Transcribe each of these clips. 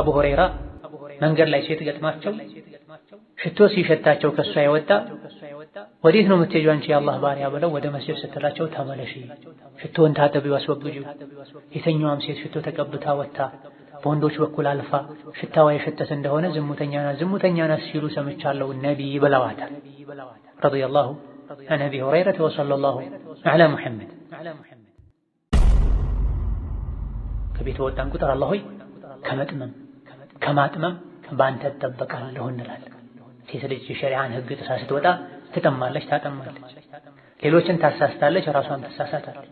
አቡ ሁረይራ መንገድ ላይ ሴት ገጥማቸው ሽቶ ሲሸታቸው ከእሷ የወጣ ወዴት ነው የምትሄጂው አንቺ የአላህ ባሪያ ብለው ወደ መስጂድ ስትላቸው ተመለሺ፣ ሽቶን ታጠቢው፣ አስወግጂው። የተኛዋም ሴት ሽቶ ተቀብታ ወጥታ በወንዶች በኩል አልፋ ሽታዋ የሸተት እንደሆነ ዝሙተኛ ናት፣ ሲሉ ሰምቻለሁ ነቢይ ብለዋታል። ረዲየላሁ አን አቢ ሁረይረተ ወሰለላሁ ዐላ ሙሐመድ። ከቤት ወጣን ቁጥር አላህ ሆይ ከመጥመም ከማጥመም በአንተ ትጠበቃለሁ እንላለን። ሴት ልጅ የሸሪዓን ህግ ጥሳ ስትወጣ ትጠማለች፣ ታጠማለች፣ ሌሎችን ታሳስታለች፣ ራሷን ትሳሳታለች።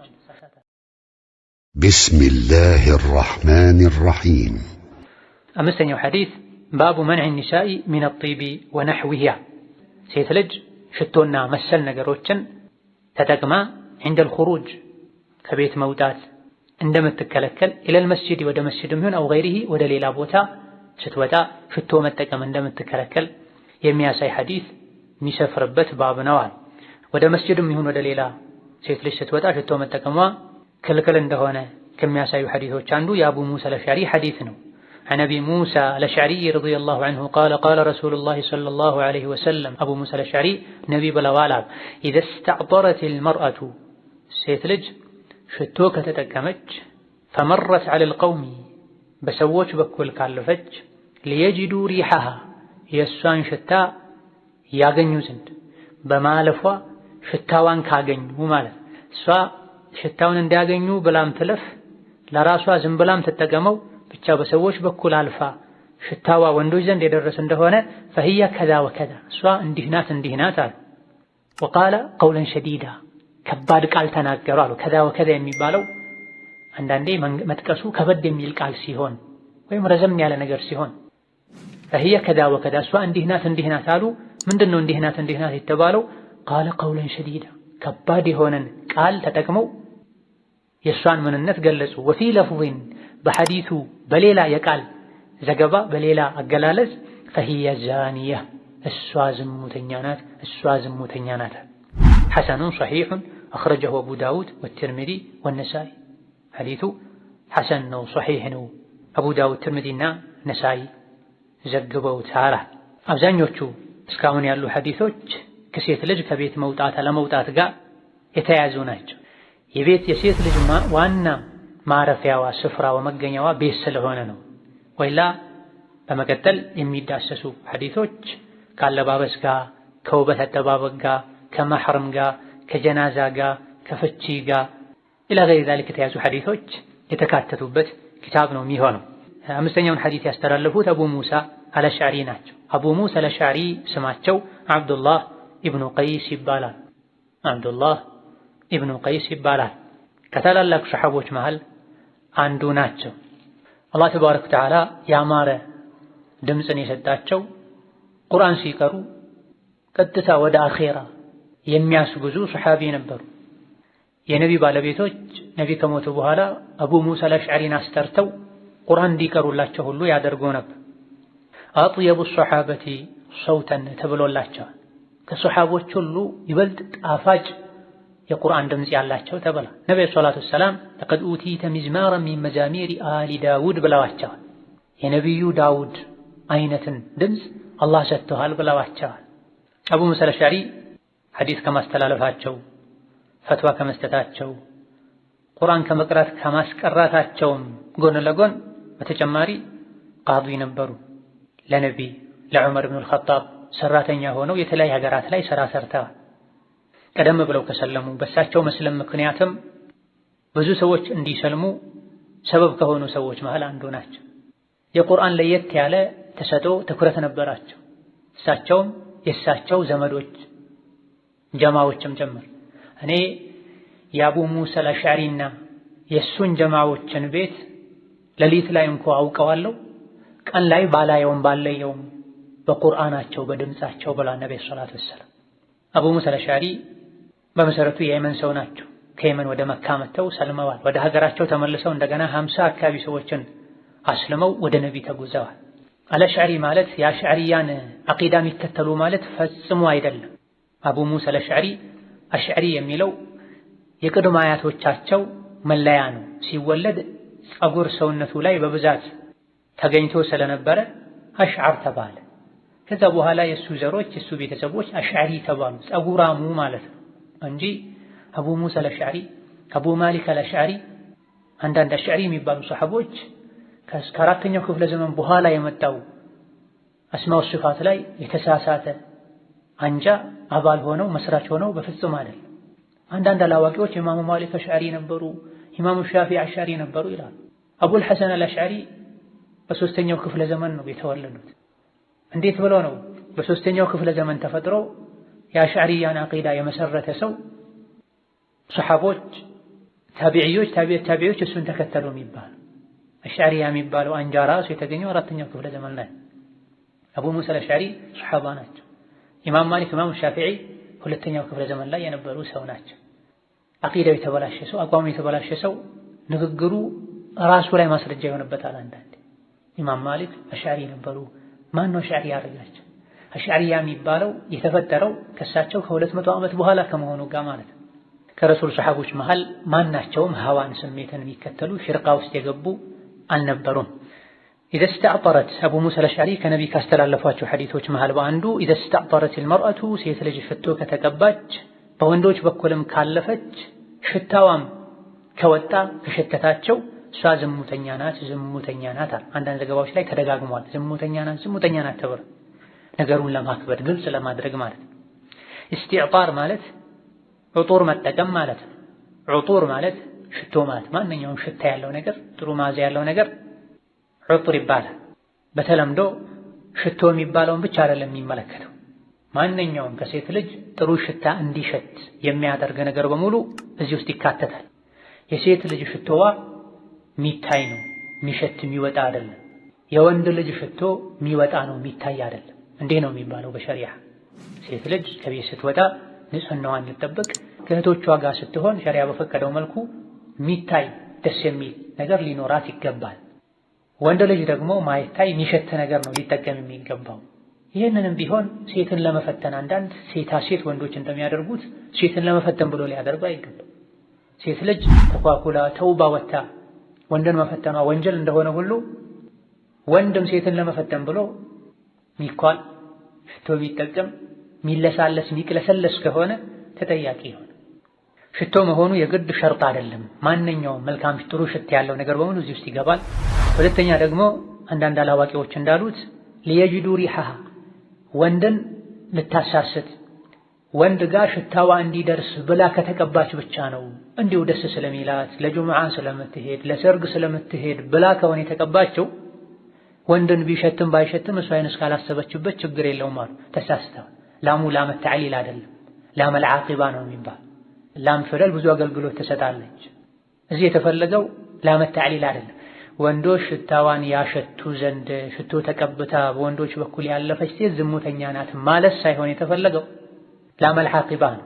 بسم الله الرحمن الرحيم أمسني حديث باب منع النساء من الطيب ونحوها سيثلج شتونا مسلنا جروتشن تتقما عند الخروج كبيت موتات عندما تتكلكل إلى المسجد ودى مسجد ميون أو غيره ودليل أبوتا ስትወጣ ሽቶ መጠቀም እንደምትከለከል የሚያሳይ ሐዲስ የሚሰፍርበት ባብ ነው። ወደ መስጅድም ይሁን ወደ ሌላ ሴት ልጅ ስትወጣ ሽቶ መጠቀሟ ክልክል እንደሆነ ከሚያሳዩ ሐዲሶች አንዱ የአቡ ሙሳ ለሻሪ ሐዲስ ነው። عن أبي موسى الأشعري رضي الله عنه قال قال رسول الله صلى الله عليه وسلم ነቢ ብለዋል إذا استعطرت المرأة ሴት ልጅ ሽቶ ከተጠቀመች ፈመረት على ቀውሚ በሰዎች በኩል ካለፈች ሊየጅዱ ሪሐሃ የእሷን ሽታ ያገኙ ዘንድ በማለፏ ሽታዋን ካገኙ ማለት እሷ ሽታውን እንዲያገኙ ብላም ትለፍ፣ ለራሷ ዝም ብላም ትጠቀመው፣ ብቻ በሰዎች በኩል አልፋ ሽታዋ ወንዶች ዘንድ የደረሰ እንደሆነ ፈህያ ከዛ ወከዛ እሷ እንዲህ ናት እንዲህ አሉ። ወቃለ ቀውለን ሸዲዳ ከባድ ቃል ተናገሩ አሉ። ከዛ ወከዛ የሚባለው አንዳንዴ መጥቀሱ ከበድ የሚል ቃል ሲሆን ወይም ረዘም ያለ ነገር ሲሆን ፈህየ ከዳ ወከዳ እሷ እንዲህ ናት እንዲህ ናት አሉ። ምንድን ነው እንዲህ ናት እንዲህ ናት የተባለው? ቃለ ቀውለን ሸዲዳ ከባድ የሆነን ቃል ተጠቅመው የእሷን ምንነት ገለጹ። ወፊ ለፍዝን በሐዲቱ በሌላ የቃል ዘገባ በሌላ አገላለጽ ፈህየ ዛንያ እሷ ዝሙተኛ ናት፣ እሷ ዝሙተኛ ናት። ሐሰኑን ሰሒሑን አኽረጀሁ አቡ ዳውድ ወትርሚዲ ወነሳይ። ሐዲቱ ሐሰን ነው፣ ሶሒሕ ነው። አቡ ዳውድ ትርምዲና ነሳይ ዘግበውታል። አብዛኞቹ እስካሁን ያሉ ሐዲቶች ከሴት ልጅ ከቤት መውጣት አለመውጣት ጋር የተያያዙ ናቸው። የቤት የሴት ልጅ ዋና ማረፊያዋ ስፍራዋ መገኛዋ ቤት ስለሆነ ነው። ወይላ በመቀጠል የሚዳሰሱ ሐዲቶች ከአለባበስ ጋር፣ ከውበት አጠባበቅ ጋር፣ ከማሕረም ጋር፣ ከጀናዛ ጋር፣ ከፍቺ ጋር ኢላ ገይሪ ዛሊክ የተያዙ ሐዲሶች የተካተቱበት ኪታብ ነው የሚሆነው። አምስተኛውን ሐዲስ ያስተላለፉት አቡ ሙሳ አለሻሪ ናቸው። አቡ ሙሳ አለሻዕሪ ስማቸው አብዱላህ ኢብኑ ቀይስ ይባላል። አብዱላህ ኢብኑ ቀይስ ይባላል። ከታላላቅ ሰሐቦች መሃል አንዱ ናቸው። አላህ ተባረከ ወተዓላ ያማረ ድምፅን የሰጣቸው ቁርአን ሲቀሩ ቀጥታ ወደ አኼራ የሚያስጉዙ ሰሐቢ ነበሩ። የነቢ ባለቤቶች ነቢ ከሞቱ በኋላ አቡ ሙሳ አልአሽዓሪን አስጠርተው ቁርአን እንዲቀሩላቸው ሁሉ ያደርጉ ነበር። አጥየቡ ሰሓበቲ ሰውተን ተብሎላቸዋል። ከሰሓቦች ሁሉ ይበልጥ ጣፋጭ የቁርአን ድምፅ ያላቸው ተብላ ነቢዩ ሰላቱ ወሰላም ለቀድ ኡቲተ ሚዝማረ ሚን መዛሚሪ አሊ ዳውድ ብለዋቸዋል። የነቢዩ ዳውድ አይነትን ድምፅ አላህ ሰጥተዋል ብለዋቸዋል። አቡ ሙሳ ለሽዓሪ ሐዲስ ከማስተላለፋቸው ፈትዋ ከመስጠታቸው ቁርአን ከመቅራት ከማስቀራታቸውም ጎን ለጎን በተጨማሪ ቃዲ ነበሩ። ለነቢ ለዑመር ብኑል ኸጣብ ሰራተኛ ሆነው የተለያዩ ሀገራት ላይ ስራ ሰርተዋል። ቀደም ብለው ከሰለሙ በእሳቸው መስለም ምክንያትም ብዙ ሰዎች እንዲሰልሙ ሰበብ ከሆኑ ሰዎች መሃል አንዱ ናቸው። የቁርአን ለየት ያለ ተሰጦ ትኩረት ነበራቸው። እሳቸውም የእሳቸው ዘመዶች ጀማዎችም ጭምር እኔ የአቡ ሙሳ አልአሽዓሪና የእሱን ጀማዎችን ቤት ሌሊት ላይ እንኳ አውቀዋለሁ ቀን ላይ ባላየውም ባለየውም በቁርአናቸው በድምፃቸው ብላ ነቢ ሰላት ወሰላም። አቡ ሙሳ አልአሽዓሪ በመሰረቱ የየመን ሰው ናቸው። ከየመን ወደ መካ መጥተው ሰልመዋል። ወደ ሀገራቸው ተመልሰው እንደገና ሀምሳ አካባቢ ሰዎችን አስልመው ወደ ነቢ ተጉዘዋል። አልአሽዓሪ ማለት የአሽዓሪያን አቂዳ የሚከተሉ ማለት ፈጽሞ አይደለም። አቡ ሙሳ አልአሽዓሪ አሽዕሪ የሚለው የቅድመ አያቶቻቸው መለያ ነው። ሲወለድ ጸጉር ሰውነቱ ላይ በብዛት ተገኝቶ ስለነበረ አሽዓር ተባለ። ከዛ በኋላ የእሱ ዘሮች የእሱ ቤተሰቦች አሽዕሪ ተባሉ፣ ጸጉራሙ ማለት ነው እንጂ አቡ ሙሳ አልአሽዕሪ፣ አቡ ማሊክ አልአሽዕሪ አንዳንድ አሽዕሪ የሚባሉ ሰሐቦች ከአራተኛው ክፍለ ዘመን በኋላ የመጣው አስማው ስፋት ላይ የተሳሳተ አንጃ አባል ሆነው መስራች ሆነው በፍጹም አይደል። አንዳንድ አላዋቂዎች ኢማሙ ማሊክ አሽዓሪ ነበሩ፣ ኢማሙ ሻፊ አሽዓሪ ነበሩ ይላሉ። አቡል ሐሰን አልአሽዓሪ በሶስተኛው ክፍለ ዘመን ነው የተወለዱት። እንዴት ብለው ነው በሶስተኛው ክፍለ ዘመን ተፈጥሮ የአሽዓሪያን አቂዳ የመሰረተ ሰው ሰሓቦች፣ ታቢዕዮች፣ ታቢዕዮች እሱን ተከተሉ የሚባል አሽዓሪያ የሚባለው አንጃ ራሱ የተገኘው አራተኛው ክፍለ ዘመን ላይ አቡ ሙሳ አልአሽዓሪ ሰሓባ ናቸው። ኢማም ማሊክ ኢማም ሻፊዒ ሁለተኛው ክፍለ ዘመን ላይ የነበሩ ሰው ናቸው። አቂዳው የተበላሸ ሰው፣ አቋሙ የተበላሸ ሰው ንግግሩ ራሱ ላይ ማስረጃ ይሆንበታል። አንዳንድ ኢማም ማሊክ አሻሪ ነበሩ። ማን ነው አሻሪ ያደረጋቸው? አሻሪያ የሚባለው የተፈጠረው ከእሳቸው ከሁለት መቶ ዓመት በኋላ ከመሆኑ ጋር ማለት ነው። ከረሱል ሰሐቦች መሃል ማናቸውም ሀዋን ስሜትን የሚከተሉ ሽርቃ ውስጥ የገቡ አልነበሩም። ኢዘ ስተዕጠረት አቡ ሙሳ አልአሽዓሪ ከነቢ ካስተላለፏቸው ሐዲቶች መሃል በአንዱ ኢዘ ስተዕጠረት አልመርአቱ ሴት ልጅ ሽቶ ከተቀባች በወንዶች በኩልም ካለፈች ሽታዋም ከወጣ ከሸተታቸው እሷ ዝሙተኛ ናት ዝሙተኛ ናት። አንዳንድ ዘገባዎች ላይ ተደጋግሟል። ዝሙተኛ ናት ዝሙተኛ ናት ተብሎ ነገሩን ለማክበድ ግልጽ ለማድረግ ማለት ነው። ኢስቲዕጣር ማለት ዕጡር መጠቀም ማለት ነው። ዕጡር ማለት ሽቶ ማለት ማንኛውም ሽታ ያለው ነገር ጥሩ መዓዛ ያለው ነገር ዑጡር ይባላል። በተለምዶ ሽቶ የሚባለውን ብቻ አይደለም የሚመለከተው። ማንኛውም ከሴት ልጅ ጥሩ ሽታ እንዲሸት የሚያደርግ ነገር በሙሉ እዚህ ውስጥ ይካተታል። የሴት ልጅ ሽቶዋ ሚታይ ነው ሚሸት የሚወጣ አይደለም። የወንድ ልጅ ሽቶ የሚወጣ ነው የሚታይ አይደለም። እንዴ ነው የሚባለው በሸሪያ ሴት ልጅ ከቤት ስትወጣ ንጽህናዋን ልጠብቅ ከእህቶቿ ጋር ስትሆን ሸሪያ በፈቀደው መልኩ ሚታይ ደስ የሚል ነገር ሊኖራት ይገባል። ወንድ ልጅ ደግሞ ማይታይ የሚሸት ነገር ነው ሊጠቀም የሚገባው። ይህንንም ቢሆን ሴትን ለመፈተን አንዳንድ ሴታ ሴት ወንዶች እንደሚያደርጉት ሴትን ለመፈተን ብሎ ሊያደርጉ አይገባም። ሴት ልጅ ተኳኩላ ተውባ ወታ ወንድን መፈተኗ ወንጀል እንደሆነ ሁሉ ወንድም ሴትን ለመፈተን ብሎ ሚኳል ሽቶ የሚጠቀም ሚለሳለስ ሚቅለሰለስ ከሆነ ተጠያቂ ይሆን። ሽቶ መሆኑ የግድ ሸርጥ አይደለም። ማንኛውም መልካም ጥሩ ሽት ያለው ነገር በሙሉ እዚህ ውስጥ ይገባል። ሁለተኛ ደግሞ አንዳንድ አላዋቂዎች እንዳሉት ሊየጅዱ ሪሐሃ ወንድን ልታሳስት ወንድ ጋር ሽታዋ እንዲደርስ ብላ ከተቀባች ብቻ ነው። እንዲሁ ደስ ስለሚላት ለጁምዓ ስለምትሄድ ለሰርግ ስለምትሄድ ብላ ከሆነ የተቀባቸው ወንድን ቢሸትም ባይሸትም እሷ አይነት እስካላሰበችበት ችግር የለውም አሉ። ተሳስተው ላሙ ላመ ተዕሊል አይደለም፣ ላመ ልዓቂባ ነው የሚባል ላም ፍለል ብዙ አገልግሎት ትሰጣለች። እዚህ የተፈለገው ላመ ተዕሊል አይደለም። ወንዶች ሽታዋን ያሸቱ ዘንድ ሽቶ ተቀብታ በወንዶች በኩል ያለፈች ሴት ዝሙተኛ ናት ማለት ሳይሆን የተፈለገው ላመል ሐቂባ ነው።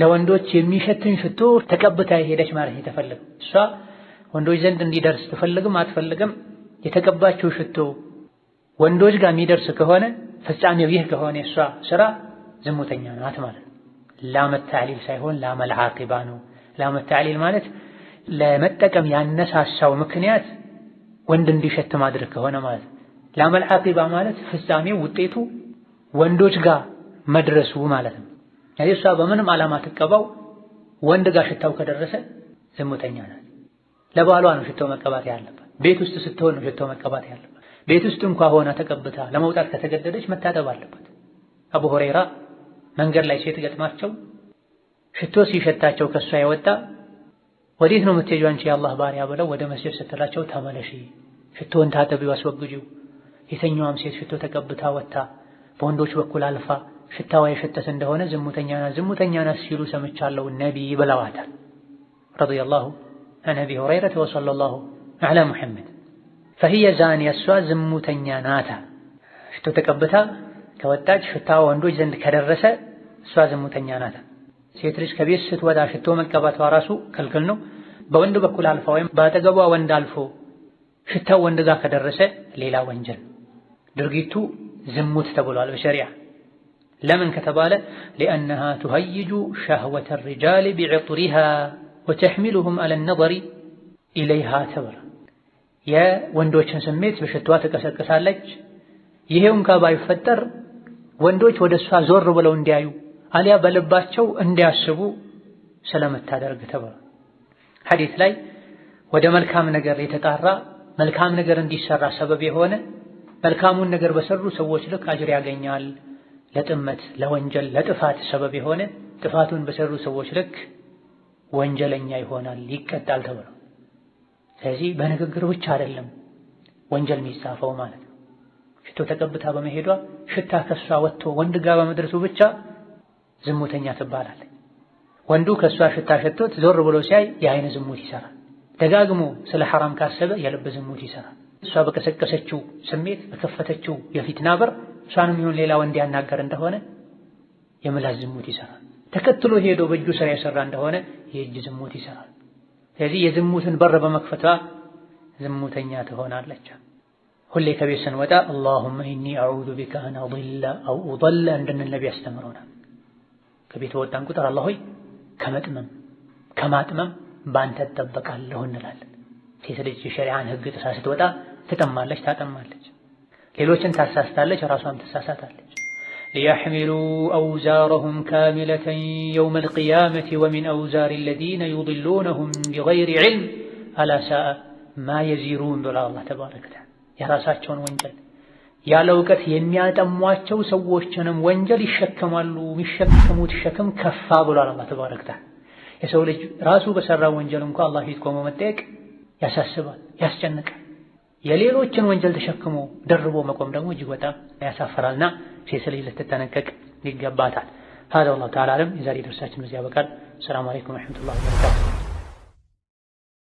ለወንዶች የሚሸትን ሽቶ ተቀብታ ሄደች ማለት የተፈለገው እሷ ወንዶች ዘንድ እንዲደርስ ትፈልግም አትፈልግም። የተቀባችው ሽቶ ወንዶች ጋር የሚደርስ ከሆነ ፍጻሜው ይህ ከሆነ እሷ ስራ ዝሙተኛ ናት ማለት ላመ ሳይሆን ላመል ሐቂባ ነው። ላመታሊል ማለት ለመጠቀም ያነሳሳው ምክንያት ወንድ እንዲሸት ማድረግ ከሆነ ማለት ነው። ላመል ዓቂባ ማለት ፍጻሜው ውጤቱ ወንዶች ጋር መድረሱ ማለት ነው። እሷ በምንም ዓላማ ትቀባው ወንድ ጋር ሽታው ከደረሰ ዝሙተኛ ናት። ለባሏ ነው ሽታው መቀባት ያለባት። ቤት ውስጥ ስትሆን ነው ሽታው መቀባት ያለባት። ቤት ውስጥ እንኳ ሆና ተቀብታ ለመውጣት ከተገደደች መታጠብ አለባት። አቡ ሁረይራ መንገድ ላይ ሴት ገጥማቸው ሽቶ ሲሸታቸው ከእሷ የወጣ ወዴት ነው የምትሄጁ አንቺ የአላህ ባሪያ ብለው ወደ መስጂድ ስትላቸው ተመለሺ፣ ሽቶን ታጠቢው፣ አስወግጂው። የተኛዋም ሴት ሽቶ ተቀብታ ወጥታ በወንዶች በኩል አልፋ ሽታዋ የሸተት እንደሆነ ዝሙተኛ ናት ዝሙተኛ ናት ሲሉ ሰምቻለሁ ነቢይ ብለዋታል። ረዲየላሁ አን አቢ ሁረይረተ ወሰለላሁ ዐላ ሙሐመድ ፈሂየ ዛኒያ እሷ ዝሙተኛ ናት ሽቶ ተቀብታ ከወጣች ሽታዋ ወንዶች ዘንድ ከደረሰ እሷ ዝሙተኛ ናት። ሴት ልጅ ከቤት ስትወጣ ሽቶ መቀባቷ ራሱ ክልክል ነው። በወንድ በኩል አልፋ ወይም በአጠገቧ ወንድ አልፎ ሽታው ወንድ ጋር ከደረሰ ሌላ ወንጀል ድርጊቱ ዝሙት ተብሏል በሸሪያ ለምን ከተባለ ሊአነሃ ቱሀይጁ ሸህወተ ሪጃል ቢዕጡሪሃ ወተሕሚሉሁም አለ ነዘሪ ኢለይሃ ተብሏል። የወንዶችን ስሜት በሽቷ ትቀሰቅሳለች። ይሄውን እንኳ ወንዶች ወደ እሷ ዞር ብለው እንዲያዩ አሊያ በልባቸው እንዲያስቡ ስለምታደርግ ተብሎ ሐዲስ ላይ ወደ መልካም ነገር የተጣራ መልካም ነገር እንዲሰራ ሰበብ የሆነ መልካሙን ነገር በሰሩ ሰዎች ልክ አጅር ያገኛል። ለጥመት፣ ለወንጀል፣ ለጥፋት ሰበብ የሆነ ጥፋቱን በሰሩ ሰዎች ልክ ወንጀለኛ ይሆናል፣ ይቀጣል ተብሎ ስለዚህ በንግግር ብቻ አይደለም ወንጀል የሚጻፈው ማለት ነው። ሽቶ ተቀብታ በመሄዷ ሽታ ከሷ ወጥቶ ወንድ ጋር በመድረሱ ብቻ ዝሙተኛ ትባላለች። ወንዱ ከእሷ ሽታ ሸቶት ዞር ብሎ ሲያይ የአይን ዝሙት ይሰራል። ደጋግሞ ስለ ሐራም ካሰበ የልብ ዝሙት ይሰራል። እሷ በቀሰቀሰችው ስሜት በከፈተችው የፊትና በር እሷንም ይሁን ሌላ ወንድ ያናገር እንደሆነ የምላስ ዝሙት ይሰራል። ተከትሎ ሄዶ በእጁ ስራ የሰራ እንደሆነ የእጅ ዝሙት ይሰራል። ስለዚህ የዝሙትን በር በመክፈቷ ዝሙተኛ ትሆናለች። ሁሌ ከቤት ስንወጣ አላሁመ ኢኒ አዑዙ ቢከ አን አድላ አው ኡደላ እንድንል ነቢ ያስተምረናል። ከቤት ወጣን ቁጥር አላህ ሆይ ከመጥመም ከማጥመም ባንተ እጠበቃለሁ እንላለን። ሴት ልጅ የሸሪዓን ህግ ጥሳ ስትወጣ ትጠማለች፣ ታጠማለች፣ ሌሎችን ታሳስታለች፣ ራሷም ትሳሳታለች። ሊያሕሚሉ አውዛረሁም ካሚለተን የውመል ቂያመቲ ወሚን አውዛሪ አለዚነ ዩድሉነሁም ቢገይሪ ዒልም አላ ሳአ ማ የዚሩን ብሏል አላህ ተባረከ ወተዓላ የራሳቸውን ወንጀል ያለ እውቀት የሚያጠሟቸው ሰዎችንም ወንጀል ይሸከማሉ። የሚሸከሙት ሸክም ከፋ ብሏል አላህ ተባረከ የሰው ልጅ ራሱ በሰራ ወንጀል እንኳ አላህ ፊት ቆሞ መጠየቅ ያሳስባል፣ ያስጨንቃል። የሌሎችን ወንጀል ተሸክሞ ደርቦ መቆም ደግሞ እጅግ በጣም ያሳፈራልና ሴት ልጅ ልትጠነቀቅ ይገባታል። ሀዛ ወላሁ ተዓላ አለም የዛሬ ደርሳችን በዚህ ያበቃል። ሰላም አለይኩም ወረሕመቱላሂ ወበረካቱህ።